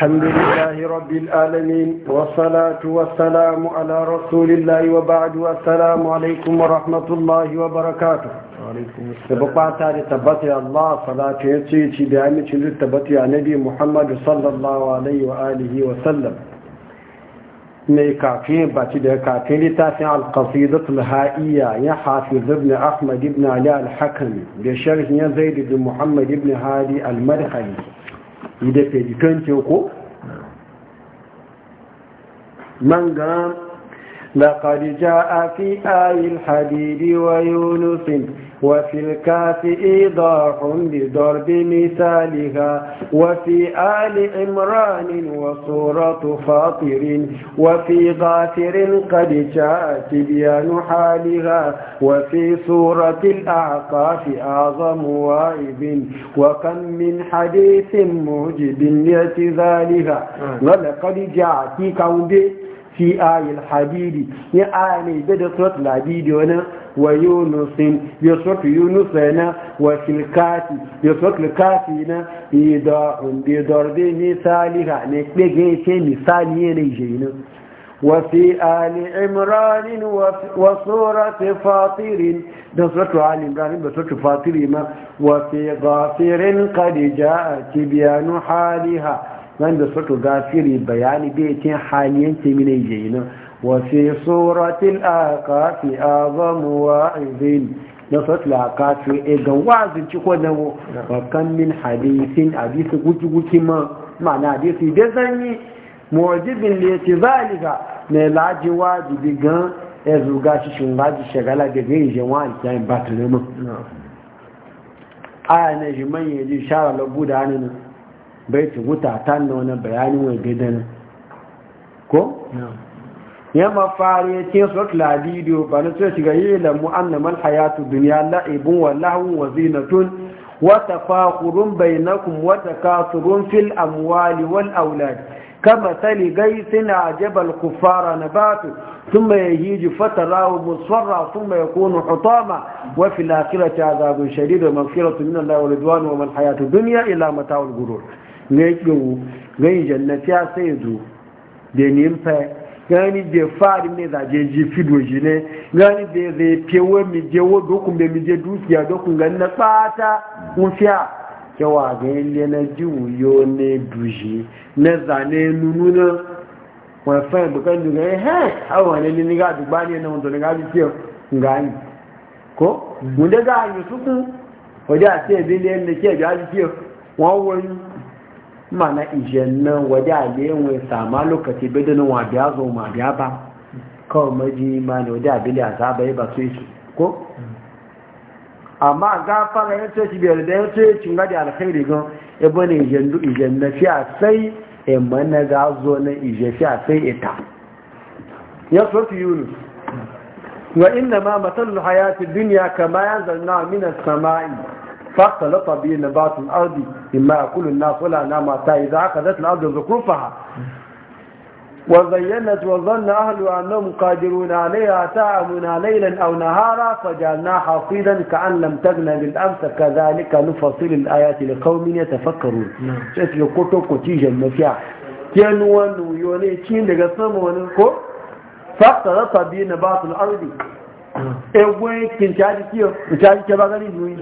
الحمد لله رب العالمين والصلاة والسلام على رسول الله وبعد والسلام عليكم ورحمة الله وبركاته تبقى تعالي تبطي الله صلاة يتيتي بعمل تبطي عن نبي محمد صلى الله عليه وآله وسلم mai kafin baci da kafin littafin alkasidat alha'iyya ya hafiz ibn ahmad ibn ali al-hakami da sharhin ya zaid ibn muhammad ibn hadi al-madkhali yi dafe jikanke ko manga Khadija a fi ayil hadidi wa Yunusin. وفي الكاف إيضاح لضرب مثالها وفي آل عمران وصورة فاطر وفي غافر قد جاء تبيان حالها وفي سورة الأعقاف أعظم وائب وكم من حديث موجب لاعتزالها آه. ولقد جاء في كون في آي الحديد يا آي بدأ صوت العبيد ويونس يسوك يونسنا هنا وفي الكافي يسوك الكافي هنا يضرب مثالها نكبه مثالي نيجينا وفي آل عمران وصورة فاطر نصرة آل عمران بصورة فاطر وفي غافر قد جاءت بيان حالها من بصورة غافر بيان بيتين حاليا تمنيجين جينا وفي سورة الأعقاف أعظم واعظ na sautu laka su e ga wazin ci ko da wakan min hadisin hadisi guki-guki ma ma'ana hadisi da zanyi mawajibin da ya ce zaliga na laji wajibi gan ya zuga shi shi laji shagala da gai je wa alkiyayin ba ta neman aya na shi manya ji shara labu da hannun bai ta wuta ta na wani bayanin wai bidan ko? Yan mafarin cin suwar bidiyo bana suna shiga yihanan mu'amnan manayatu a duniya, la'aibun wa Lahawun wazina tun. Wata kwakurun bai nakuwa wata kasuwar fil amwali wal aular. Ka matsaloli gaisuna a Jibal ku fara na Bato, sun maye hiji fatarrawar musarra sun maye kunun hotona. Wafi lafiyar ta zagun shaidu domin filawa, sun nuna lawar da duwan uwar manayatu duniya, illa mata gudunmu. Zan yi jananci ya san yanzu, da ni gani be fari ne za je ji fido ji ne gani be zai pewo mi je wo dokun be mi je dukiya dokun gani na fata mun fiya yawa ga ile na ji wuyo ne du duji na ne nunu na wọn fẹ́ kan duga ẹ he awa ne ni nígbà dùgbà ní ẹnà ọ̀tọ̀ nígbà bi nga ngani ko mun daga ayo suku ọjọ́ àti ẹ̀bí lẹ́nu kí ẹ̀bí á ti kí wọn wọ́n yìí mana ijen nan wadda aliyin wai sama lokaci bidanin wa biya zo ma biya ba kawai maji mana wadda abili a zaba ya ba su yi ko amma gafara ya ce shi biyar da ya ce cin gadi alkhairi gan ebe ne ijen du ijen na fiya sai e mana ga zo na ijen fiya sai ita e ya so fi yunus wa inna ma matallu hayati duniya kama ya yanzalna minas sama'i فاختلط به نبات الأرض مما يأكل الناس ولا نام حتى إذا أخذت الأرض زخرفها وزينت وظن أهلها أنهم قادرون عليها تعامنا ليلا أو نهارا فجعلنا حصيدا كأن لم تغن بالأمس كذلك نفصل الآيات لقوم يتفكرون نعم. شكل قطو قتيجا المفيع كان ونو يوني تشين ونكو فاختلط به نبات الأرض egwe kin caji kiyo in caji ke zuwi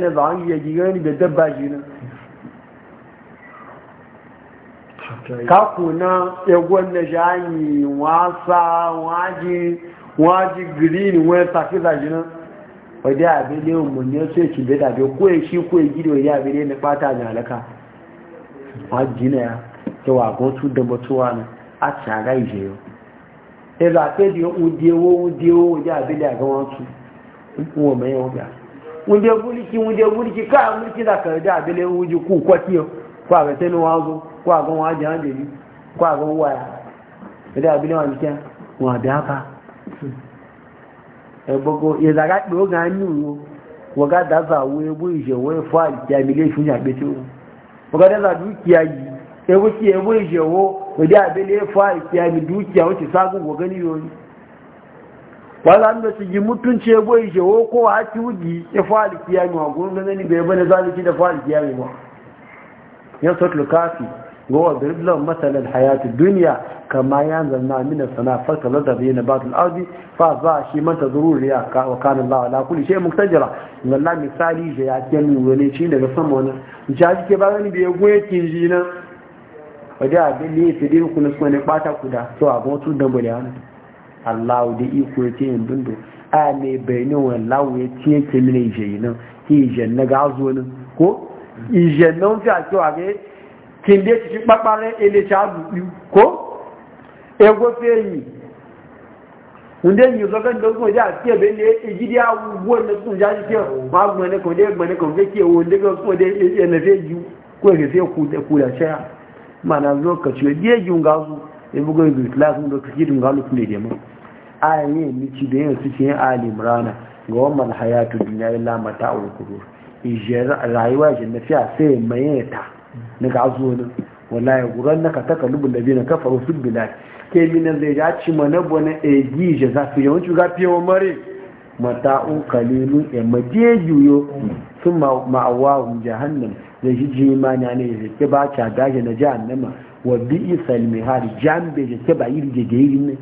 ne ba an yi giga ni da dabba shi na kaku na egwon shayi wasa waji waji green wani tafiza shi ne. wadda ya ne mu ne sai ki bada bi ko ya ko wadda ya ne na fata na alaka waji ya ta wagon su da mutuwa na a caga ije yau ẹ̀rọ àtẹ́dì oúnjẹ owó oúnjẹ owó oúnjẹ àbílẹ̀ àgbọn tún wọn mẹ́yìn ọgbà oúnjẹ gúríkì oúnjẹ gúríkì káà gúríkì dàkàrẹ́dẹ́ àbílẹ̀ oúnjẹ kú kọ́tí ọ kó àbẹ̀tẹ́ ní wọn zo kó àgbọn wọn ajá ń dèbí kó àgbọn wọ àyà ẹ̀dẹ́ àbílẹ̀ wọn nìkẹ́ wọn àbí apá ẹ̀gbọ́gbọ́ ìzàgá pé ó gàn án ní ìwò wọ́n gá wọn wọ́n wadda abin da ya fara kiyami dukiya wacce sagun wa gani yoyi wala da su yi mutunce goyi je wo ko a ci wuji ya fara kiyami wa gurin da ni bai bane zalunci da fara kiyami ba ya sotlu kafi wa wadrib lahum masalan hayati dunya kama yanzalna min as-sama fa kalada bi nabat al-ardi fa za shi mata zururiya ka wa kana Allah ala kulli shay muktajira wallahi misali da ya kemi wani shi daga sama wani jaji ke ba da ya goye kinji na wadda abin da ya fi dai kuna suna ne ɓata kuda to abin wasu dambali hannu allahu da iko ya ce yin dundu a mai ya ce ke mina ijeyi nan ki ijen fi a cewa ga kin da ci ɓaɓɓare ele ta dubi ko ego feyi wunde yi zo kan dogon wajen a fiye bai ne igidi e a wuwan na mana lokaci da yajin gazu ya e bugo yi lasin da kashi dun galu kuma da mun ayan yin mici da yin suke yin ali rana ga wannan hayatu duniya illa mata a wukuru rayuwa shi na fiya sai mai ta na zo ne wallahi guran naka ta kalubun da biyu na kafa wasu bilal ke minan zai ya ci mana bane egi je za su yawanci ga fiye wa mare mata'un kalilun ya e maje juyo mm. sun ma'awahun jahannam da shi ji imani ne ya ke ba ta daje na jahannama wa bi isa almihari jambe da ke ba iri da ga iri ne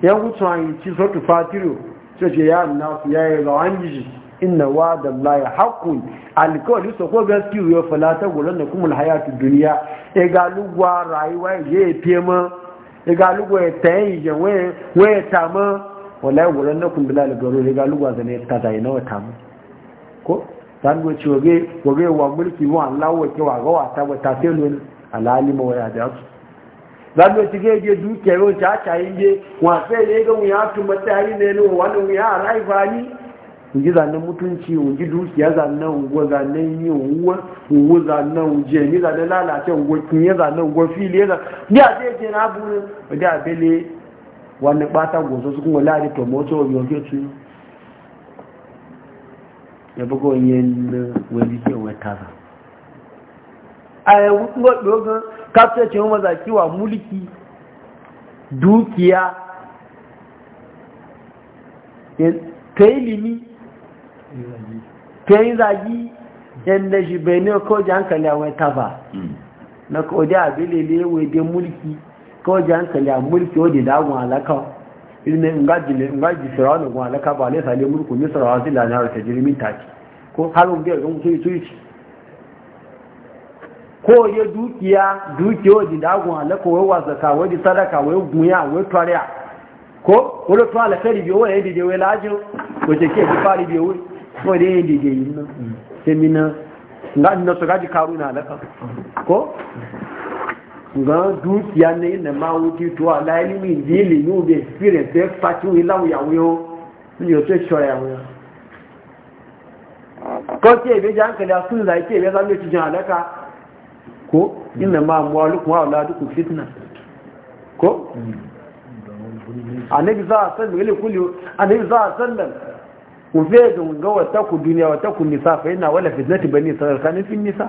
ya wuce an ci sotu fatiru ce ce ya nasu ya yi rawan jiji inna wa da ya haƙun alƙawari so ko gaskiyu ya ta wurin da kuma hayatu duniya ya galuwa rayuwa ya yi fema ya galuwa ya tayin ya ta ma, wallahi wurin na kun bilal garo ya e galuwa zane ta zai nawa ma. sango ci wage wage wa mulki wa Allah wa ke wa gawa ta wa ta selon alalima wa ya da su zango ci ge ge duke yo ta ta inge wa sai ne ga mu ya tu matari ne no wani mu ya raifa ni unji zannan mutunci unji dukiya zannan ungo zannan yi ungo ungo zannan unje ni zannan lalace ungo kinye zannan ungo fili ya ni a je je na bu ni da bele wani bata gozo su kuma lari to moto ke tu ẹ̀bọ́gọ́ yẹn na wẹ́lì tí ẹ̀wọ̀n tààrà àyẹ̀wò gbọ́gbọ́gbọ́n kápẹ́ẹ̀tì wọn wọ́n kíwà múlìkì dúkìá tẹ́ìlìmí tẹ́ìzàjí yadda shi bai ne ko ji hankali a wai taba mm. na kodai abin lele wai mulki ko ji hankali a mulki wadda dagun alakawa ilmi ngaji firawunan kuma alaka ba alaisa mulku misra wasu lanar ta jirgin taki ko harin biyar don su ko ya dukiya dukiyo di dagun alaka wai wazaka wai di sadaka wai gunya wai twariya ko wani tuwa alafari biyo wani yadda wai lajin wace ke bi fari biyo wai wani yadda yadda yi nan sai mina na mm. su gaji karu na ko nga dukiya ne na ma wuti to ala ilimi dili ni ubi experience e fati wi lawo ya wo ni o te so ya wo ko ti e be jan ke da sun da ke be zan ti jan alaka ko inna ma amwalukum wa auladukum fitna ko annabi za sallam ile kulli annabi za sallam ku fe ga wata ku duniya wata ku nisa fa ina wala fitnati bani sarkan fi nisa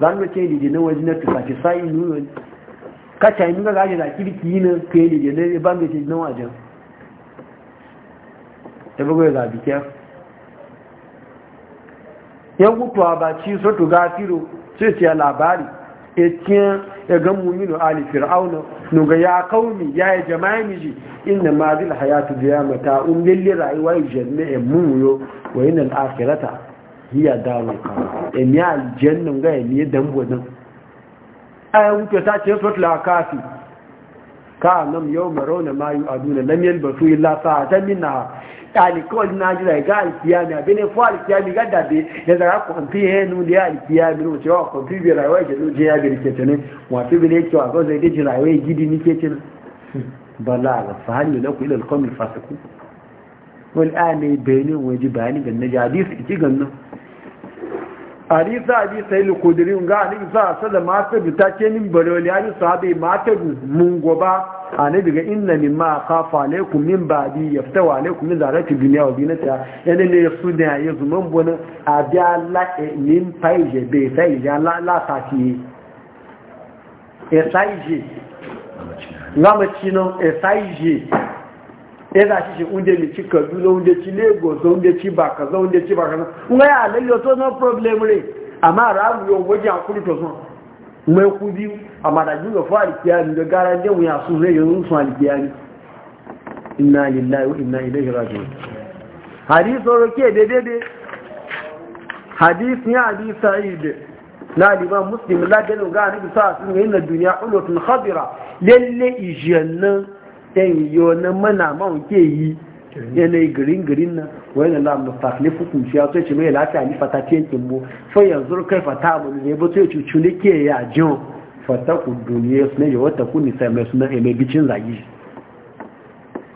zan ce dide na waje na ce sai nuna ka ta yi ga gaje da kirki yi na kai dide ne ban mai ce na waje ta bugu ya zabi kya yan mutuwa ba ci so to gafiro sai ce labari etiyan ya ga muminu ali auna, nuga ya kauni ya yi jama'a miji inna ma zil hayatu da ya mata un um rayuwa ya jami'a mumuyo wa yin al'akirata hiya dawo ka emi aljannu ga emi dan bodan ayi wuce ta ce suratul kafi ka nam yau marona ma yu aduna lam yalbasu illa sa'atan minha ko na jira ga alkiyami abin fo alkiyami ga da dabe da zara ko amfi he nu da alkiyami no ce wa ko fi bi rayuwa ke nu je ya bi ke tene wa fi bi ne ke wa ko zai de jira wai gidi ni ke tene bala ga fahani la ku ila alqawm alfasiqun wal ani bayni wajibani bin najadis ki ganna hadisa abi sayyid al-khudri ga annabi sa da ta bita ke min baroli ani sahabi ma ta mun goba annabi daga inna ma khafa alaykum min ba'di yaftawa alaykum min zarati dunya wa binata yana ne su da ya zuman bonin abi Allah e, min faije be sai ya la la sati e saije ngama chino e saije ɗaya za shi shi unde mi ci kaduna unde ci lagos unde ci ba kaza unde ci ba kaza nga ya lalyo to no problem re amma ramu yo waje akuri to son mai ku biyu amma da juga fa alkiyami da gara da wuya su zai yi sun alkiyami inna lillahi wa inna ilaihi raji'un hadithu roke daidai hadith ya hadisi sa'id na liman muslim la dalil ga annabi sa sun yi na duniya ulutun khadira lalle ijiyannan ɗan yiwu na mana man ke yi yanayi garin garin nan wani na lamu fakle fukun shi ya so ce mai lafiya ni fata ce yankin mu fa yanzu kai fata mu ne ba so ya cucu ne ke ya jin fata ku duniya su ne yi wata ku ni mai suna mai bicin zagi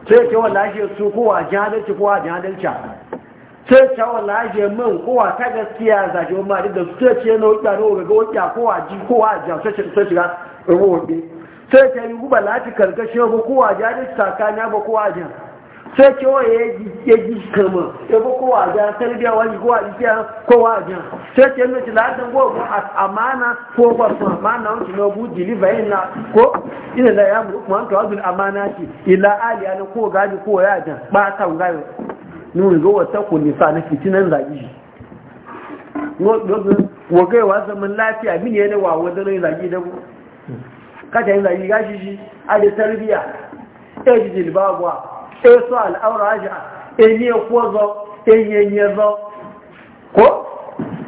sai ce wa lashe su kowa jihadalci kowa jihadalci sai ce wa lashe man kowa ta gaskiya zagi wa ma da su ce ce na wuƙa ne wa ga wuƙa kowa ji kowa ji a sai shiga rubuwa sai ta yi guba lati karkashe ba kowa jari sakanya ba kowa jan sai kewa ya ji kama ya ba kowa jan tarbiya wani kowa ya kowa jan sai yi mace lati latin gobe a amana ko gwasu amana wancin na bu diliva yin na ko ina da ya muru kuma hanka wajen amana ce ila ali na ko gaji ko ya jan ba ta gayo nuna ga wata ko nisa na fitinan zagi wa gaiwa zaman lafiya min yana wa wadda zagi da kata yin zagi gashi shi a da tarbiya e ji jilbagwa e su al'aura aja e ni e kozo e yenye zo ko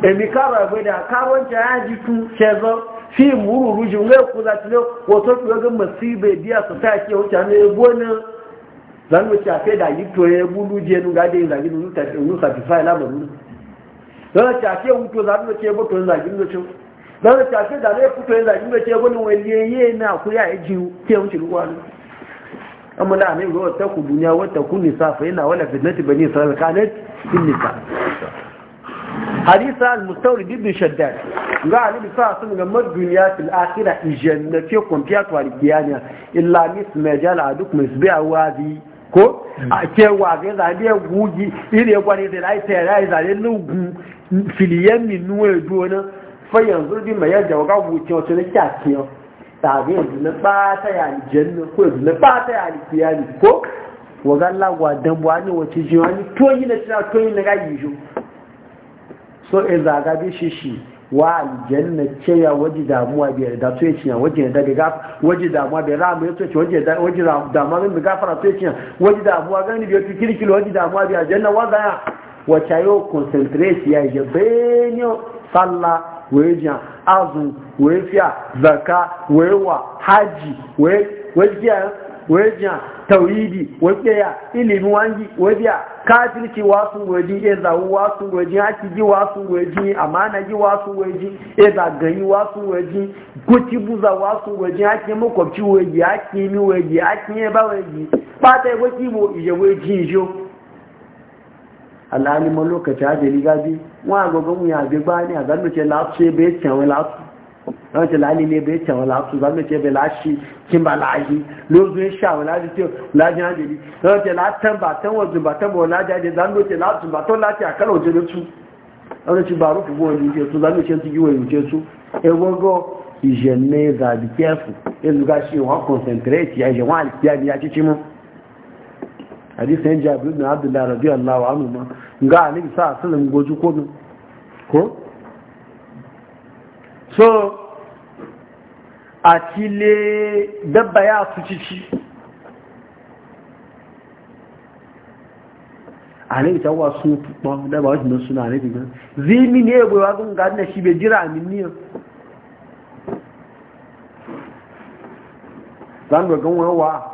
e mi kara da kawanci ya ji tu ce zo fi muru ruji ngai ku za ta wato ki masibe biya su ta ke wuce ne gona zan wuce kai da yi to ya bulu je nu ga da yin zagi nu ta nu satisfy ba nu zan wuce kai wuto zan wuce ba to zagi nu lọ́nà tí a kuka dàlẹ́ kútó ẹ̀lá ìgbẹ́ tí ẹgbẹ́ níwọ̀n ilé ẹyẹ ní àkúyà ẹ̀jì tí ẹ̀hún ṣèlú wà ní ọmọ náà ní ìrọ̀ tẹ́kù dúnyà wọ́n tẹ́kù nìsa fẹ́yìn àwọn ẹ̀fẹ̀ náà ti bẹ̀ ní ìsọ̀rọ̀ kánẹ́ tí hadisa al-mustawri shaddad ga alibi sa sun ga maduniya fil akhira ijanna fi kumfiya to al illa mis majal ko a ke da biya gugi ire da ai ai filiyan min fayan zurbi mai yadda wa gabu ce wacce na kyakiyan tare yanzu na ɓata ya aljanna ko yanzu na ɓata ya alkiyani ko wa galla gwa dan bu ani wace ji wani toyi na tira toyi na gaji shi so e zaga bi shi shi wa aljanna ce ya waje damuwa bi da to yace ya waje da ga waje damuwa bi ra mu yace waje da waje damuwa bi gafara to yace waje damuwa gani bi to kirkil waje damuwa bi aljanna wa ga wace yo concentrate ya je benyo sallah wee jiya azun wee fiya zaka wee wa haji wee jiya wee jiya tawhidi wee ya ilimin wangi wee biya kafirci wasu gwaji e zawu wasu gwaji haki ji wasu gwaji amana ji wasu gwaji e zagayi wasu gwaji kuti buza wasu gwaji haki makwabci waji haki mi waji haki ba waji ba ta yi waki bo ije waji jo al'aliman lokaci ni gaji wọn agogon ya bi ba ni a zanuce latsu bai canwa latsu zanuce lali ne bai canwa latsu zanuce bai lashi kin ba lahi lozun sha wa laji ce laji hajjari zanuce latan ba tan wajen ba tan wa laji hajjari zanuce latsu ba tan lati a kan wajen da su zanuce ba rufu gowar yuce su zanuce su giwa yuce su egogo ìṣẹ̀lẹ̀ ìzàbí kẹfù ezuga ṣe wọn concentrate ya ìṣẹ̀wọ̀n àti kíá ni a títí mú hadisin jabir ibn abdullah radiyallahu anhu ma ga annabi sa sallam goji ko ko so a kile dabba ya su cici annabi ta wa sun tuba dabba wajen suna annabi ga zimi ne ya goyawa gun ga annabi shi gira jira ni ne zan ga gan wa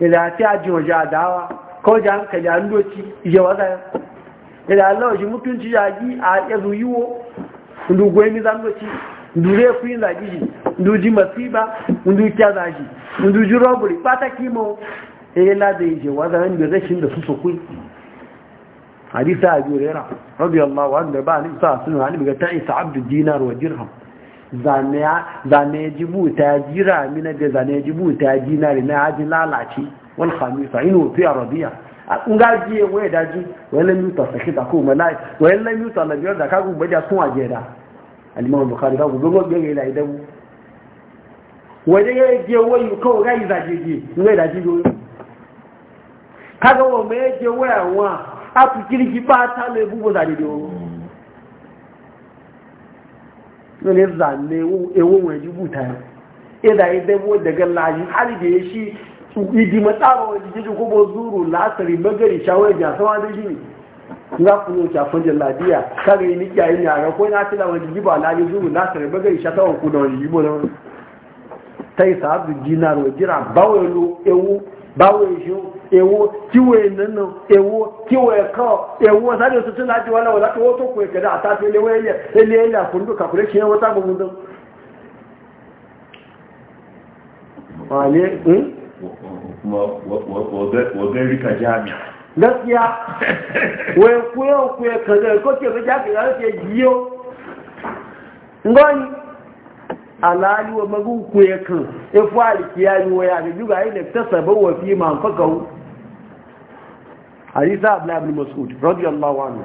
ila ti ajin waje adawa ko ja hankali an doci ije wata ila Allah shi mutunci yaji a yazo yiwo ndu goyi zan doci ndu re ku yin zaji shi ji masiba ndu kya e da ne su so hadisa abi hurairah radiyallahu ba ni sa sunan ani ga ta'i zane jibu ta jira na da zane jibu ta na haji lalace wani hamisa inu fi arabiya in gaji ya waya daji wani lamuta sake ta kuma lai wani lamuta lamiyar da kagu baja sun waje da alimawar bukari kagu gogo gere da idan wani ya je wayo kawai gaji zajeje in waya daji yoyo kaga wa mai je a fi kirki ba ta mai bubu yoyo ne zanne ewon waje buta ya ida ida bo daga laji har da ya shi idi matsara wajen jiji kuma zuru lasari magari shawar ja sama da shi na kuma ta da ladiya kare yi nikiya yi yara ko na tila wajen jiba laji zuru lasari magari sha tawa ku da waje jibo da wani ta yi sa jinar dinar waje ra bawo ewu bawai shi ewo kiwe nanu ewo kiwe ko ewo sadi o tutu lati wala wala to to ko na atati elewe ile ile ile a kakure kiyen wata gugu do wale eh wọ́gẹ́rí kàjá mi. na wọ́n ẹ̀kú ẹ̀kú ẹ̀kànlẹ̀ ẹ̀kọ́ tí hadisa abu ibn mas'ud radiyallahu anhu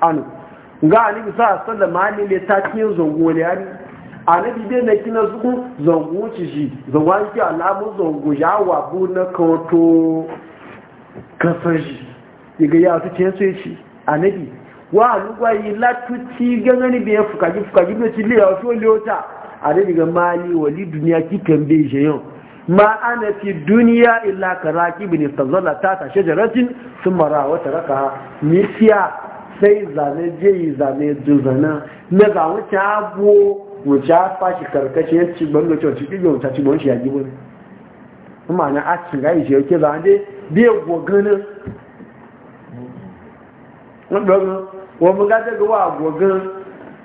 anu ga annabi sa sallama ne le ta cikin zongo ne yani bi dai na kina su zongo ci shi zongo ki alamu zongo ya wa bu na koto kasar shi daga ya su ce sai shi annabi wa alugwa yi latuci ganani bai fukaji fukaji bai ci le ya so le ota bi ga mali wali duniya ki kan bai shi yau ma ana fi duniya illa ka raki bin istazalla ta ta shajaratin sun mara wata raka misiya sai zane jeyi zane juzana na ga wuce abu wuce afa shi karkashin ya ci gbando cewa ci ɗigo wuce ci gbon shi ya gibo ne kuma na ake cikin shi yake zane dai biya goganin ɗogon wa mu ga daga wa gogan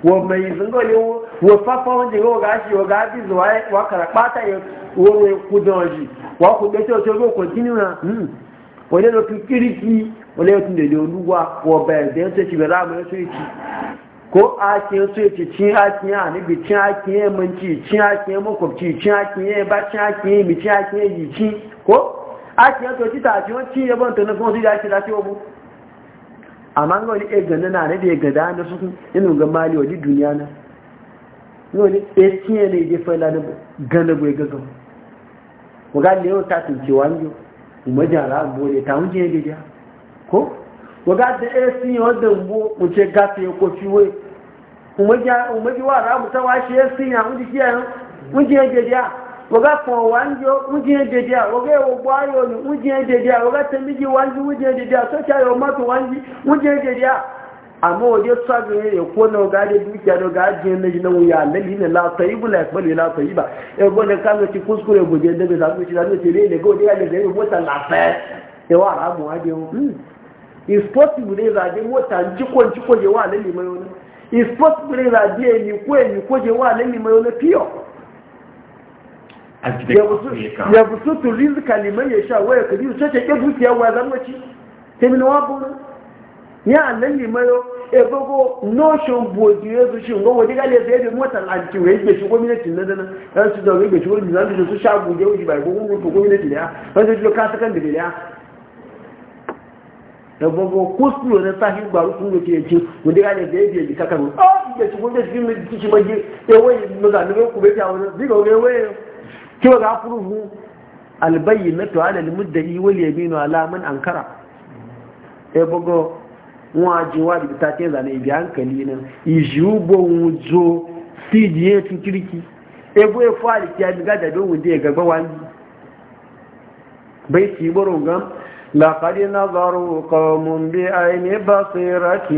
wa mai zungo ne wa fafa wanda ga wa gashi wa gashi zuwa wa ɓata ya wọ́n kú dán yìí wọ́n hmm. kò gbé tí ọ̀ṣọ́ yóò kọ̀tínú náà wọ́n lé lọ́kì kíríkì wọ́n lé tún lèlè olúwa wọ́n bẹ̀rẹ̀ dé ń sèṣì bẹ̀rẹ̀ àmọ́ ẹ̀ṣọ́ ètì ko so yace cin a nibi cin akin ya manci cin akin ya makwabci cin akin ya ba cin akin ya mi cin akin ya ci ko akin ya toci ci wancin ya ban tonin kuma su da ake dace wa mu amma ga wani egana na na da ya na na yau ne ya waga leo ta tunce wanjo umaja ra bole ta unje ko waga da AC wanda mu uce gafe ko fiwe umaja umaji wa ra muta wa na waga wanjo unje gidi waga wo bayo ni unje gidi waga tambiji wanjo unje gidi so cha yo wanji amma waje tsaga ya yi ko na gade dukiya da gajiyar na jinan wuya lalli ne la ta yi bula ya na la ta yi ba ya gwada kama ci kuskure guje da bai su ci ga wani yadda yi mota ya wa ramu wa da is possible ne zaɓi mota ya wa mai wani is possible ne ya yi ko ya yi ko ya wa lalli mai wani fiyo ya busutu rizika liman ya sha waya kadi su ce ke dukiya wa e ebogo notion boji yanzu shi ngo wodi gale sai da motar anti wai ke shi gwamnatin na dana ran su da wai ke shi gwamnatin na su sha goge wuji bai gogon mutu gwamnati ne ya ran su jilo kasa kan da ne ya ne ta na sahin gbaru ne ke ji wodi gale da yake yake kakaru oh ke shi gwamnatin na shi ba mage ya wai maza ne ku bai ta wani diga wai wai kiwa ga furuhu albayyinatu ala almuddai wal yaminu ala man ankara e ebogo wọn wajibi ta ce zane bi hankali nan ijiubo wuzo sijiye tun kirki ebo ya fari ya gada don wunde ya wani bai ci baro gam لقد نظروا قوم بعين بصيرة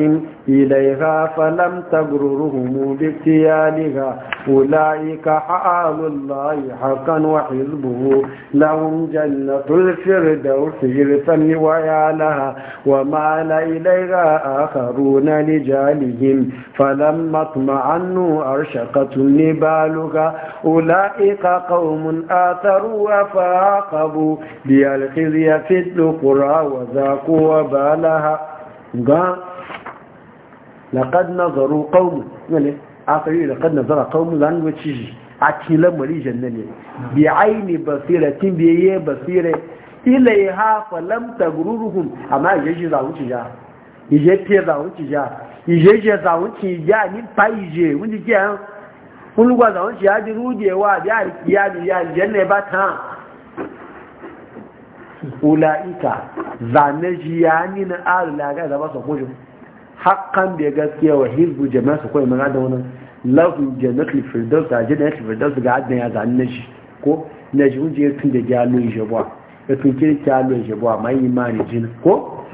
إليها فلم تبررهم بابتيالها أولئك حال الله حقا وحزبه لهم جنة الفردوس جرسا ويالها وما إليها آخرون لجالهم فلما اطمعنوا أرشقت نبالها أولئك قوم آثروا فعاقبوا ليالخزي في القرى وذاقوا وبالها laqad nazaru qaumun ne akari laqad nazara qaumun zan wuce shi a kilan mari jannani bi aini basiratin bi ye basire ilaiha falam tagruruhum amma yaji za wuce ja ije te za wuce ja ije je za wuce ja ni pa ije wuni ke an kulugwa za wuce ya ji rujewa ya ya ya janne ba ta ulaika zanaji yani na alulaga da ba su kujin haƙƙan da ya gaskiya wa hizbu jama'a su kawai mana da wani lafin jannatul firdaus a jannatul firdaus ga adina ya zane na shi ko na shi wuce ya tun da gyalo ya shabuwa ya tun kiri gyalo ya shabuwa ma ne jini ko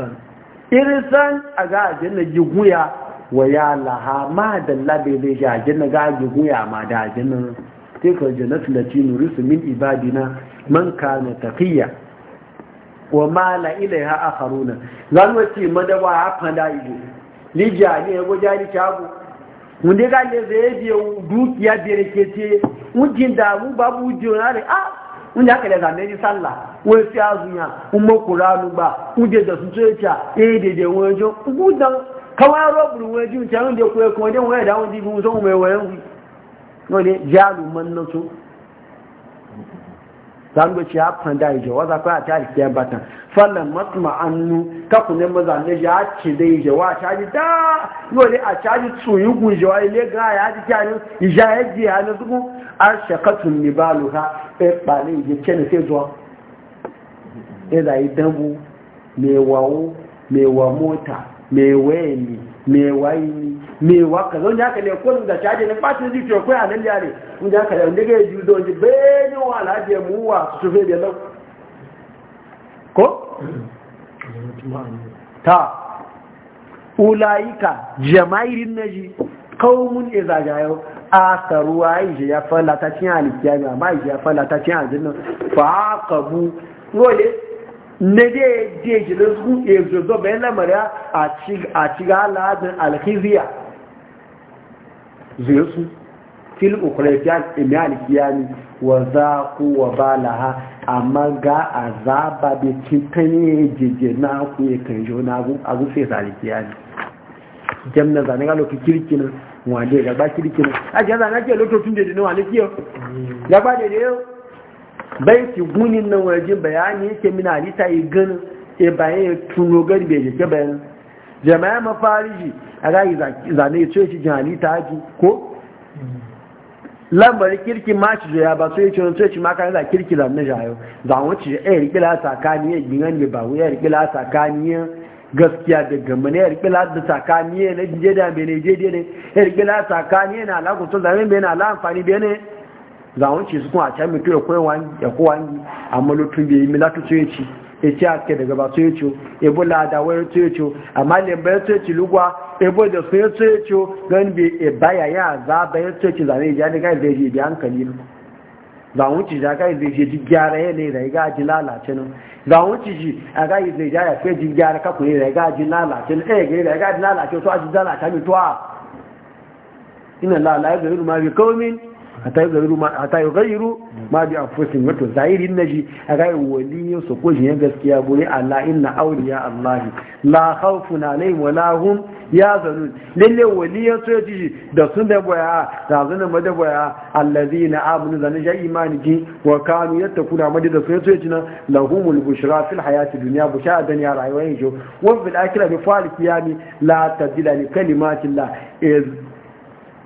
irisan a ga ajiyar na giguya wa ya laha ma da labe zai shi ajiyar na ga giguya ma da ajiyar tekar jannatul da ci nuri su min ibadina man kana tafiya wa ma la ilaiha akharuna zan wace madawa haka da ido lija ne ya goja ni shago wunde ga le zai biye dukiya bere ke ce wujin da mu babu wujin na ah! ne ah wunde aka da zame ni sallah wai fi azunya un mo ba wunde da sun tsoya eh daidai de wajo gudan kawai robin wajin can da ko ko da wai da wunde bu so mai wayan no ne jalu man na so zango ci ya fanda yi jawaza ko a tari kiyar batan fallan matma annu ka kunne maza ya ci dai jawa ta ji da yole a ta ji tsuyu gun jawa ile ga ya ji ta ni ya ya ji ya na zugu ar shaqatun nibaluha e pale je kene se zo e da idanbu me wawo me wa mota me weni me me ka zo nyaka ne ko da chaje ne ba ta ji ko ko anan jare mun da ka da ne ga ju don ji be ni wa la je mu wa su fe da lo ko ta ulaika jamairin naji qaumun idza jayo asaru ayi ya fala ta cin alikiyama ma ya fala ta cin aljinnu fa qabu na nede deji da su ezo zo bayan lamariya a ciga al'adun alhizia zai fil ukhrajat imali kiyami wa ku wa balaha amma ga azaba bi tintani jeje na ku e kan jo na abu abu fe zalikiyani jamna zane ga lokaci kirkin wande ga ba kirkin a jaza na ke lokacin da dinu wani kiyo ga ba da yau bai ki gunin nan wajen bayani yake mina ta yi gan e bayan tuno garbe yake bayan jama'a mafariji a yi zane ce shi jihani ta haji ko lambar kirki ma ci ya ba su yi cinon ce ma kan za kirki da na jayo za a ci ya riƙi la sakaniya gina ne ba wuya rikila la sakaniya gaskiya da gamba ne ya riƙi la da sakaniya na jije mai ne nijeje ne ya rikila la sakaniya na ala kusa zame bai na ala amfani bai ne za a ci su kuma a can mutu ya kowa ya kowa amma lutun bai yi milatu so ci ya ake haske daga ba su yaco ebo bu ladawar ya ama yaco amma ya su lugwa ya da ya su gan bi e baya ya zaba ya su yaci zane ya jani kai hankali ne za mu ci ja kai zai je ya ne da ga ji lalace ji a ga ja ya fe ji gyara ka ku ne da ga ji lalace nan eh ga da ga ji lalace to a ji lalace mi to a la la ma bi hata yi gairu ma bi afusin wato zahirin na ji a gai waliyin su ko jiyan gaskiya gori Allah inna ya Allah la na alaihim wa hun ya zanu. lalle waliyan su ji da sun da baya da zan ma da na abu na zan ja imani ji wa kanu yattaquna madi da sun ji na lahumul bushra fil hayati duniya busha dan ya rayuwar jo wa fil akhirati fa'al qiyami la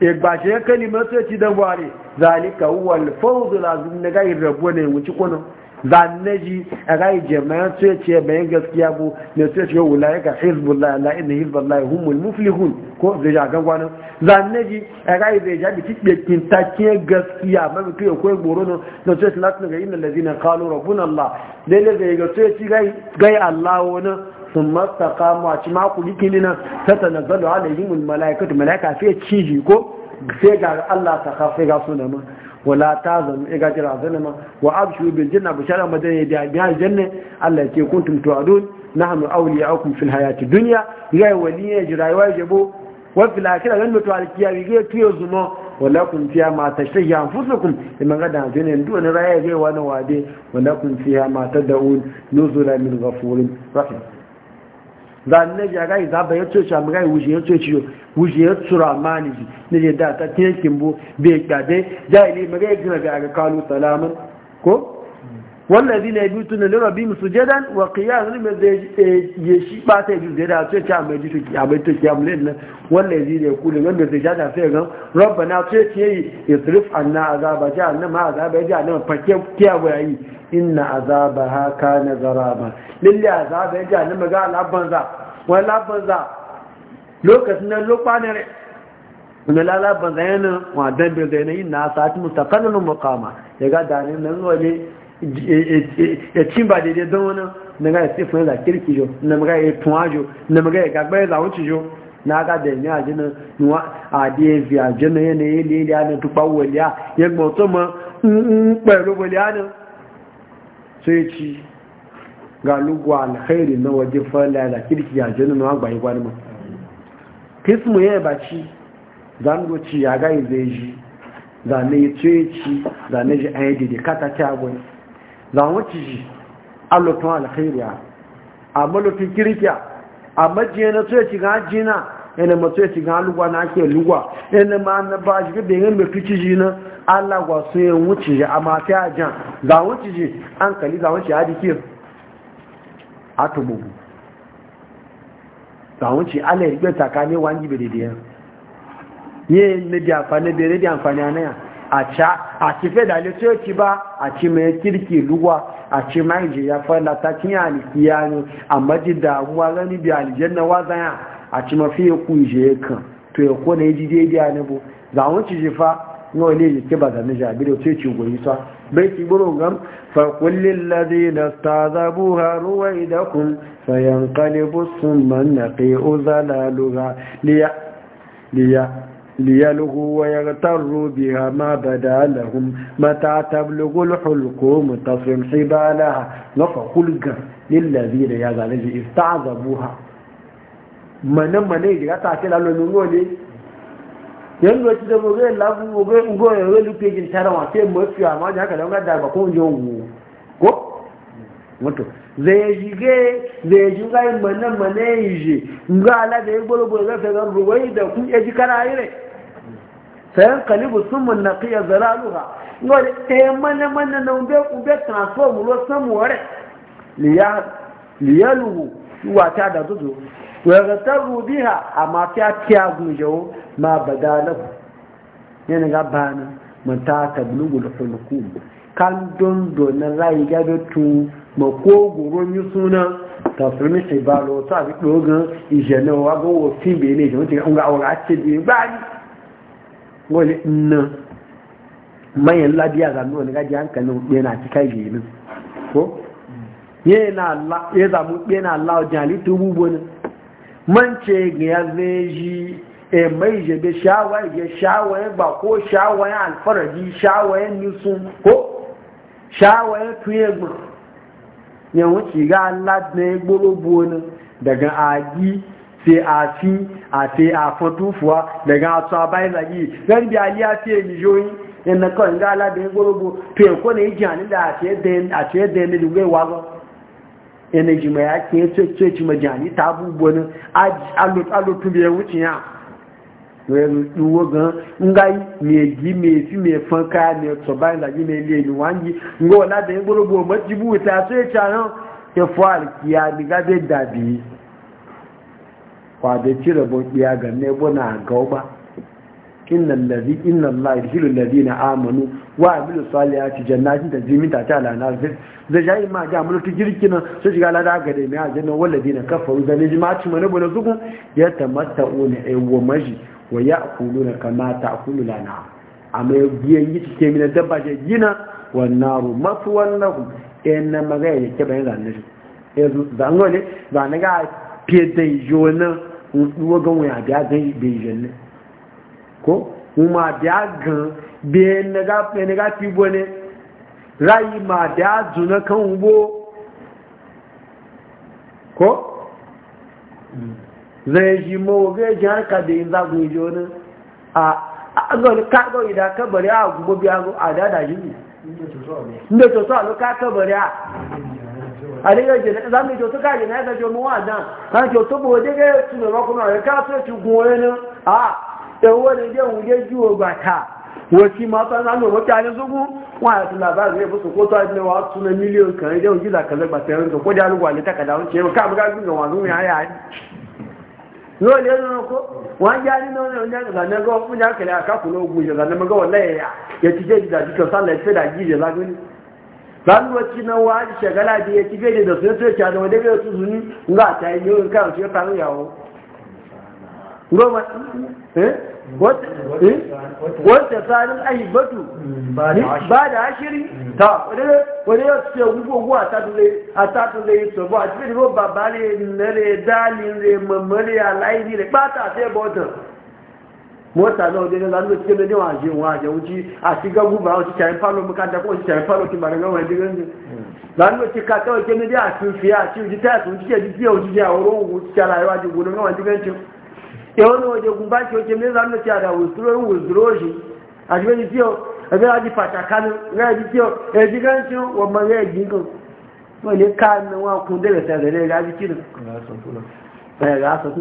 igbashe kalimatu ci da bare zalika huwa al-fawz al-azim ne ga irabo ne wuci kuno zanneji a ga jami'an su ya ce bayan gaskiya bu ne su ya ce wulai ka hizbullah la inna hizbullah humul muflihun ko zai ja gan gwanin zanneji a ga zai ja bi tibe kin gaskiya ba kai ya koyi goro no na su ya ce latin ga inna allazina qalu rabbuna allah dai ne zai ga su ya ci gai allah wani sun mastaka mu a ci maku likini nan ta ta nazalu alaihim mun malaika mala'ika sai ciji ko sai ga Allah ta kafe ga su ma wala ta zan iga jira ma. wa abshu bil janna bushara madani da ya janna Allah ke kuntum tu'adun nahnu awliya'ukum fil hayati dunya ya ya waliya jiraywa jabo wa fil akhirati lan mutalkiya ga tuyo zumo walakun fiya ma tashtahi anfusukum liman gada jinin duwan raya ga wani wade walakun fiya ma tad'un nuzula min ghafurin rahim ga na ja ga za ba yato cha ga wuje yato ciyo wuje yato ramani ji ne je da ta tiyan kimbo be ga dai ja ile maga ga ga ko zina na biyu tunan su sujadan wa qiyam lima ya shi ba ta biyu da ce ta mai jitu ya mai to a lin nan wallazi ne ku liman da sujada da sai gan rabbana ce ce yi yasrif anna azaba jahannama azaba jahannama fakke kiyawa yayi inna azabaha kana zaraba lillahi azaba jahannama ga lokacin nan wani wa dambe na ya ga danin nan ya cin ba daidai don wani na ga sai fun da kirki jo na ga ya tun ajo na ga ya gagba ya zawuci jo na ga da ni aji na nuwa a da ya fi aji na yanayi ne da yana tupa waliya ya gbọtọ ma n pẹ̀lú waliya ne sai ci ga lugu alkhairi na waje falla da kirki ya jini na agbaye gwani ma kismu ya ba ci zango ci ya ga zai ji zane ya ci zane ji an yi dede kata ta gwani za mu ci shi a lotun alkhairiya a malotun kirkiya a majiya na tsoye ci ga jina yana ma tsoye ci ga lugwa na ake lugwa yana ma na ba shi gabe yin mai fici shi na allah gwa su yin wuce shi a mafi ajan za wuce shi an kali za wuce hadi kiyar a tumubu za wuce ala ya gbe tsakanin wani gibe da biyan yin na bi amfani da rediyo amfani a naya a ci fai da litoci ba a ci mai kirki luwa a ci mai je ya falla ta kin alikiya ne amma ji damuwa gani bi aljanna wa a ci mafi ya ku je kan to ya kone ya ji daidai ne bu za mu ci jifa nawa ne yake ba zane jabi da ce goyi sa bai ki buru gam fa kullil ladina stazabu haruwaidakum fayanqalibu summan naqi'u zalaluha liya liya ليلغوا ويغتروا بها ما بدا لهم متى تبلغ الحلقوم تصم حبالها نفخلق للذين يغالج استعذبوها من من يغتا كلا لنغولي yanzu wacce da mugai lafi mugai ugoyen wani pejin tarawa sai mafi a majin haka da wani da bakon jan ko wato zai shige zai ji ga mana mana yi ga ala da ya gbogbo zai zan da kun yi rai? sayan kalibu sun mun naƙiya zalaluha wani ɗaya mana mana na ube ube transform ruwa samu ware liyaluhu wata da zuzu wadatar rubiha a mafiya tiya gujewo ma badalahu yana ga bani mata ta bulugul hulku kan dondo na rayu gado tun makogoro yi suna tafirmi sai ba bi wani nan manyan labiya zamu wani gaji hankalin yana cikin gini ko ya zamu na Allah jali tubu bone man ga ya zai zeji e mai jebe shawaye ya shawaye ba ko shawaye alfaraji shawaye nisun ko shawaye tuyegba yawon shiga Allah na ya gboro daga agi sai a fi a sai a fatufuwa daga a bayan zagi zan biya liya fiye miliyoyi na kawai ga alabin gorobo to yanko ne yi jihani da a ce yadda yana dubai wagon yana jima ya ke ya ce jima jihani ta abubuwa ne alotu ya wuce ya ruwo gan ngai mai gi mai fi mai fanka mai tsoba zagi mai liya yi wangi ngo wala da yin gorobo majibu ta so ya ca nan ya fi alkiya kwadaci rabon biya ga nebo na gauba inna allazi inna allahi yudkhilu alladhina amanu wa ya ci jannatin da jiminta ta al-anhar zai jayi ma ga girki na su shiga lada ga da mai aljanna walladhina kafaru da ci mana na zugun ya ta mata tamatta'una aywa maji wa ya kulu na kamata a kulu lana amma biyan yi cike mina dabba ce gina wa matuwan lahum wannan magana yake bayan zanen shi yanzu zanen ga fiye da yi nwa gan wani abia gan beijing ne ko kuma abia gan biyan na gafi bo ne rayi ma abia zuna kan ugbo ko zai ji mawa ga ji harka da yin zagun ji wani a agawar kago idan kabari a gubo biya a dada ji ne inda to so a lo ka kabari a àdéhùn ìjẹ̀lẹ̀ ìsámi ìjọ tó káàkiri náà ẹgbẹ̀jọ mú wà náà láti ọ̀tọ́ bò dégé túnmọ̀ ọkùnrin rẹ̀ káàtó ètò gun orin ní à ẹ̀wọ́ ni jẹ́ òun yé ju ògbà ta wọ́n ti máa tán lánàá wọ́n ti ayé sógún wọn àti làbá rẹ̀ fún sòkó tó ẹni wà tún ní mílíọ̀nù kan ẹjẹ́ òjì làkàlẹ̀ gbàtẹ́rẹ́ zanwaci na wani shagala da ya kife ne da su yato ya zama daga wasu zuni nga ta yi yau kan su ya faru yawo goma eh? wata eh? tsarin ahibatu ba da ashiri ta wadda ya ce gugu a tatulai a tatulai mota náà dé lọ́la ló tí ó lé wọ́n àjẹ wọ́n àjẹ wọ́n tí àti gọ́gùn bá wọ́n ti tẹ̀yìn pálọ̀ mú kájà kó ti tẹ̀yìn pálọ̀ tí bàrẹ̀ wọ́n ẹ̀dẹ́ gẹ́gẹ́ lọ́la ló ti kàtà òjé méjì àti òfin àti òjì tẹ́ẹ̀tì òjì tẹ́ẹ̀tì tí òjì jẹ́ àwòrán òwò ti ara ìwájú gbòdó náà wọ́n ti gẹ́ tún. èèwọ̀n ni òjò gùn bá ti òjé méjì lọ́la ti àdà wòsúrò wòsúrò òjì àti méjì tí ó ẹgbẹ́ láti pàtàkánú rẹ́ẹ̀dì tí ó ẹ̀dí gẹ́ tún wọ́n mọ rẹ́ẹ̀dì gan wọ́n lè ká ní wọn kún dẹ́rẹ̀ tẹ̀lẹ̀ rẹ́ẹ̀dì tí ó ẹ̀rọ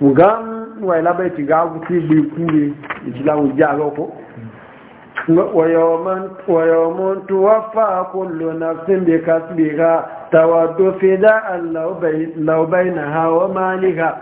ngam wa bai ti ga guti bi kure ijila wu ja roko wa tuwaffa kullu nafsin bi kasbiha tawaddu fida law bainaha wa maliha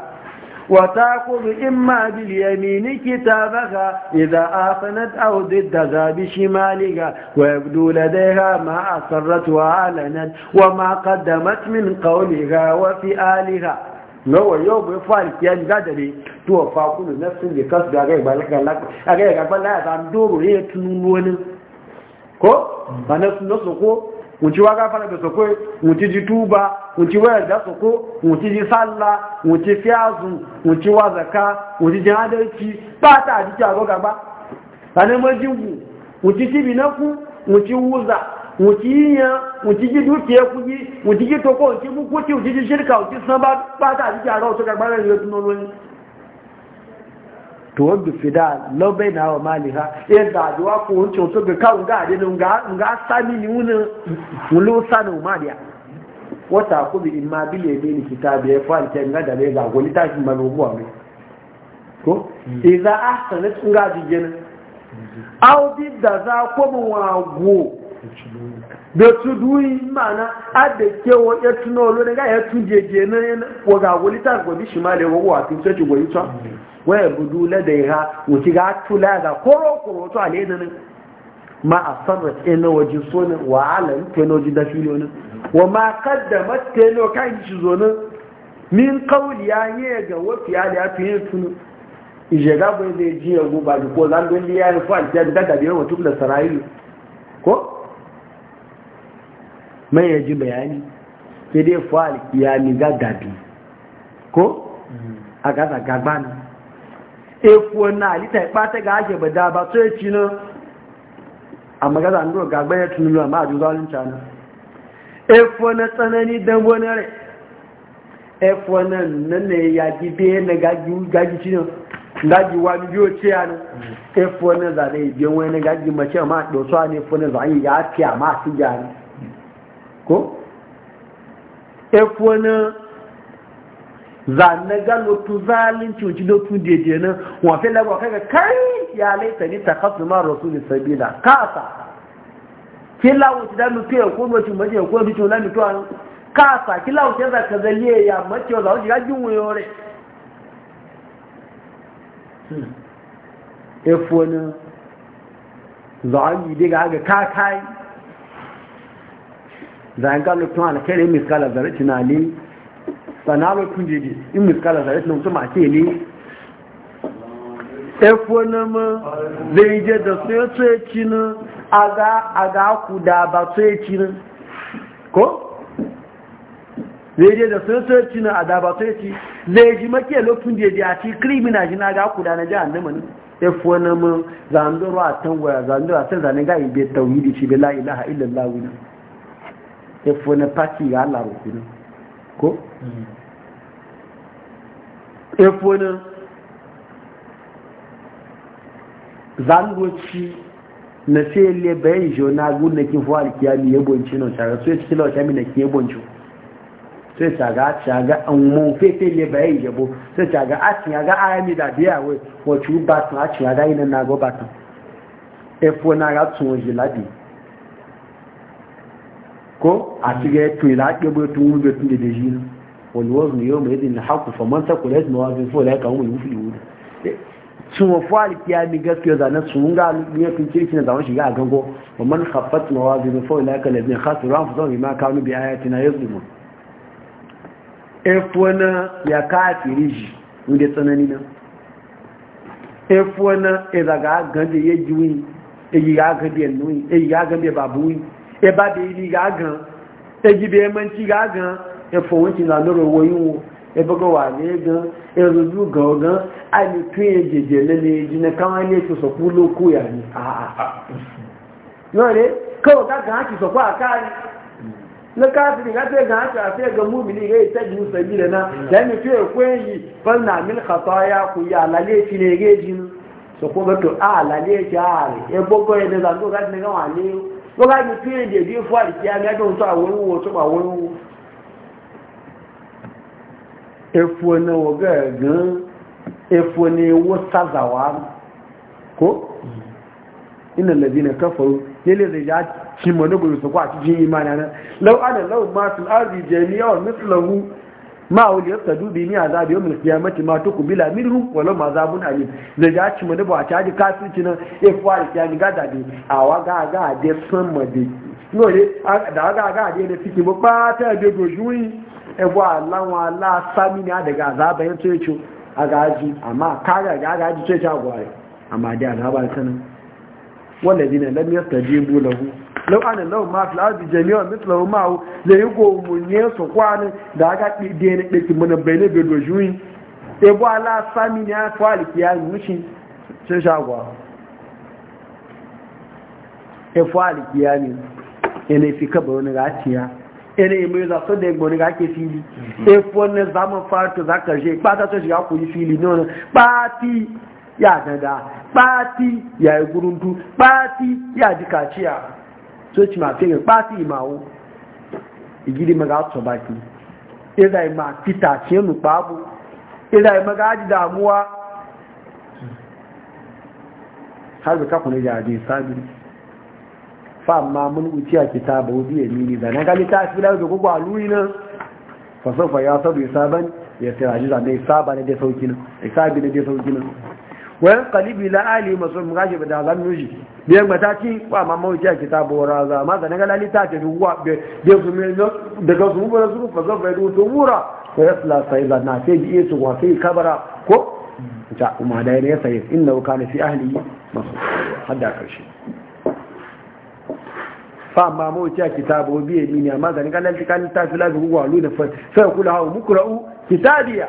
wa taqulu imma bil yamini kitabaha idha afanat aw diddaha bi shimaliha wa ladayha ma asarrat wa alanat wa ma qaddamat min qawliha wa fi'aliha lọ́wọ́ yóò gbé fún àìkí ẹni dájẹ̀lẹ̀ tó ọ̀fà kúrò nẹ́sìn lè kọ́sù agẹ́gbàgbà láyàtà ń dóòrò yẹ́ tún lóní kó banẹ́sùn ló sọ́kó wùntí wá gáfàrà bẹ̀ sọ́kó wùntí di ba, wùntí wẹ́rẹ̀ dá sọ́kó wùntí zaka mutiya mutiji dukiya kuji mutiji toko mutiji bukuti mutiji shirka mutiji san ba ba ta ji jara wasu karɓar da to wadda lobe na wa maliha ya zaduwa ko wancan wasu ga kawo ga adinin ga sami ni wunin wulo sani umariya wata kuma in ma bile ne ni kita hmm. hmm. biyar da su duyi mana adda ke wa ya tuna olo ne ka ya tun jeje na wa ga wuli ta gobi shi ma le wa tun sai goyi ta wa ya budu la da ha wuti ga tula ga koro koro to ale da nan ma asarra ina e waje so ne wa ala alam tenoji da filo ne wa ma ka dama qaddamat teno kan shi zo ne min qawli ya ye ga wafi ya da fi tunu ijega bai zai ji ya e ba ko zan don ya fa da da da biyo e mutum da sarayi ko mai yaji bayani sai dai fuhari ya miga gabi ko a gasa gaba na efuwa na alita ya ɓata ga ake ba da ba so ya ci na a magaza an dora gagba na tunulu a ma'aju zalunci na efuwa na tsanani don wani rai efuwa na nan ne ya gibe na gaji ci na gaji wa biyo ce ya nan efuwa na zane biyan wani gaji mace ma ɗosuwa ne efuwa na zane ya fiya ma su gyara ko efwana za na ga lotu zalunci wuce lotu daidai nan wafe lagwa kaga kai ya laita ni ta kasu ma rasu, rasulun sabila kasa kila wuce da mutu ya kuma cin mace ya kuma bitu na mutu an kasa kila wuce hmm. za ka zaliye ya mace za wuce ga jin wuyore efwana za a yi daga aga kakai zai ga lutun ala kere miskala zarati na li sanalo tunjeje in miskala zarati na mutum a ce ne efonama zai je da ya tsoyaci na aga ku da ba tsoyaci na ko? zai je da ya tsoyaci na aga ba ci? zai ji make lokacin da a ci krimina ji na aga ku da na ji annama ne efonama zandoro a tangwaya e zandoro a tan zanen ga ibe tauhidi shi be la ilaha illallah wina efo na pati ya laro kunu ko efo na zangoci na sai le bayan jo na gunna kin fo alkiyami ya bonci no tare so ci lawa kami na ki ya bonci sai taga taga an mun fefe le bayan yabo sai taga a tin ga ayami da biya we ko ci ba tun a ci ga ina na go ba tun efo na ga tun ji labi ko a shiga ya tuyi laƙe bai tun da na wani wasu yau mai yadda na haku faman ta kula da mawazin fola ya kawo mai wufi wuri eh, sun wa fali kiya mi gaskiya zanen sun ga ya kun kirki na zaman shiga a gango wa man haffat mawazin fola ya kala hasu ran fusan rima kanu bi ayati na yanzu mu efuwana ya kafiri shi wunde tsanani na efuwana ya e zaga gande ya ji wuyi e ya gande ya e ya gande babu ẹba da iri gagan ẹgibe ẹmanci gagan ẹfọwọ́nci na lọ́rọ̀ wọ́yíwọ́ ẹbọ́gọ́ wà ní ẹgan ẹrùlú gangan àìní tún ẹjẹjẹ lẹ́nu ẹjì na káwọn ilé ti sọ̀kú lókù yà ní àà lọ́rẹ́ kọ́wọ́ gágan ti sọ̀kú àkáàrí lọ́kàtìrì láti ẹ̀gàn àti àti ẹ̀gàn múmìnì rẹ̀ ìtẹ́jú sẹ̀bí rẹ̀ náà lẹ́nu tí èkó èyí fọ́nà mílíkàtọ̀ ayá kò yà àlàlẹ́ ìfi rẹ̀ rẹ̀ jìnnú sọ̀kú bẹ́tọ̀ àlàlẹ́ ìfi ààrẹ ẹgbọ́gbọ́ ẹ̀dẹ̀ làǹkó gáàtìrì wọ́n ká ní píríìdì èdè fún àdìsí agájọ́ tó àwọn tó àwọn efu ẹ̀nà ọ̀gá ẹ̀gán efu kó ina lẹ́bí na káfọ́rọ́ nílé ìrìnjà tí mọ̀ ní gbogbo ìsọ̀kọ́ àti jí ìmáyà náà lọ́wọ́ lọ́wọ́ ma wuli ya sadu bi ya azabi yawm al-qiyamati mil tukbila minhum wa lahum azabun alim da ga ci mun da ba ta ji kafirci nan e fa alkiyami ga dabi a wa ga ga de san made no ye da ga ga de ne fiki bo pa ta de gojuyi e bo Allah wa ala sami ni daga yin a gaji amma ka ga ga ji amma والذين لم يستجيبوا له لو أن لو ما في الأرض جميعا مثله معه ليقوم من يسقوان دعاك دين لك من بين بدوجوين ebo ala sami ni a fali ki a nushi ṣe ṣagwa e fali ki a ni ene fi kaba wani gaciya ene yi za zaso da egbo ni gake fili e fone fara to za ya kuyi fili ne wani ya dada ɓati ya yi guruntu ɓati ya ji kaciya so ci ma fiye ɓati imawo igidi maga su baki ira yi ma fita ce mu babu ira yi maga ji damuwa har bi kakuna jaje sabi fa'amma mun a kitaba wuzi ya mini da na gali ta fi lau da gugu a luyi nan fasofa ya sabu ya saban ya sai rajiza mai saba na da sauki nan ya sabi na dai sauki nan wayan kalibi la ali maso mun gaje da zan nuji biyan mataki wa mamma wuce kitabu raza ma da naga lalita ta duwa be be su me no daga su mu bara su fa zan bai to mura wa yasla sayza na ce bi yesu wa sai kabara ko ta kuma da ne sai inna kana fi ahli masu hadda karshe fa amma mu wuce kitabu biye ni amma da naga lalita kan ta fi lazu wa lu da fa sai kula hawo mukra'u kitabiya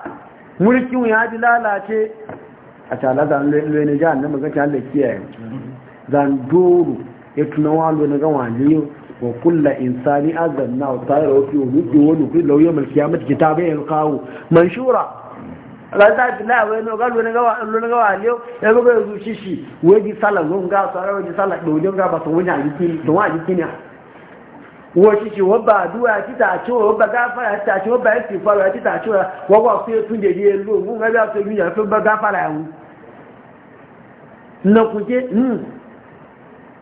mulkin ya ji lalace a tala zanloyi na jihar na magata da kiyaye zandoro ya tuna walo na gawa liyo wa kulla insani azan na tare da wafi wani wani kuri lauye mulki ya mutu kita bayan kawo manshura rata fi lawai na galo na gawa liyo ya buga ya zuci shi waje salar gonga sarar waje salar ɗaujin gaba sun wani a jikin ne wọ́ṣíṣe wọ́n bá àdúrà títà àṣọ wọ́n bá gáfàrà títà àṣọ wọ́n bá ẹ̀sìn fara títà àṣọ wọ́n wà fún ètò ìdèdè èlò òun rẹ̀ bá fẹ́ yíyàn fún bá gáfàrà ẹ̀hún. nnọkùnjẹ́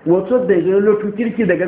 wọ́n tó dẹ̀gẹ̀ lótú kíríkì dẹ̀gẹ̀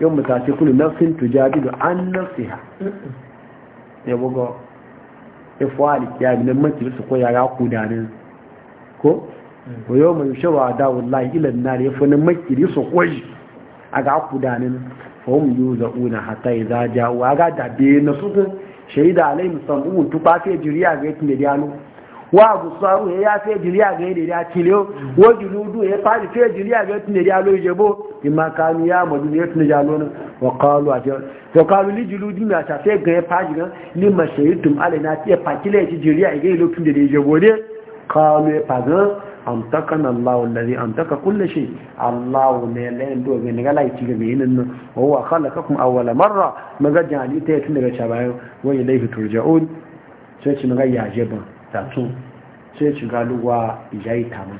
yau mu tafi kullu nafsin tujadilu an nafsiha ya bugo ifwali ya bi nan mace su koya ga ku da nan ko wa yau mu shawa da wallahi ila nar ya funan makiri su koyi a ga ku da nan fa hum yuzauna hatta idza ja'u aga da be na su shaida alaihim samu tu ba sai jiriya ga yakin da yano wa gusaru he ya fe jiri aga ide ya kilio wo juludu he fa fe jiri aga tun ya lo jebo bi makani ya madu ne tin ya lo wa qalu ajal to qalu li juludi ma ta fe ga fa jira li ale na ti fa e kile ji jiri aga lo tun ya jebo de qalu fa am amtakana Allah alladhi taka kull shay Allah ne le do ga ngala yi ga ne nan wa khalaqakum awwala marra maga jani tin tun daga shabayo wa ilayhi turja'un sai ci maga yaje ban tatu ce shiga luwa ijai tamu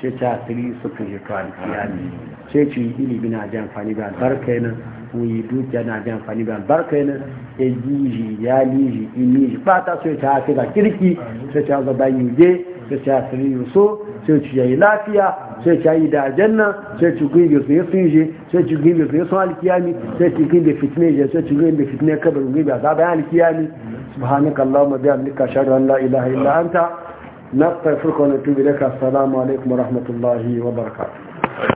ce ta asiri su fi jika alkiyami ce ci ilimi na ji amfani ba albarka yana wuyi dukiya na ji amfani ba albarka yana ya yi ji ya yi ji imi ji ba ta so ta hafi ba kirki ce ta zaba yuje ce ta asiri yuso sai ci yayi lafiya sai ci yayi da janna sai ci gwibe su yi sai ci gwibe su yi alkiyami sai ci gwibe fitne je sai ci gwibe fitne kabarin gwibe a zaɓen alkiyami subhanaka allahumma bi amrika ashhadu an la ilaha illa anta nastaghfiruka wa natubu ilayka assalamu alaikum wa rahmatullahi wa barakatuh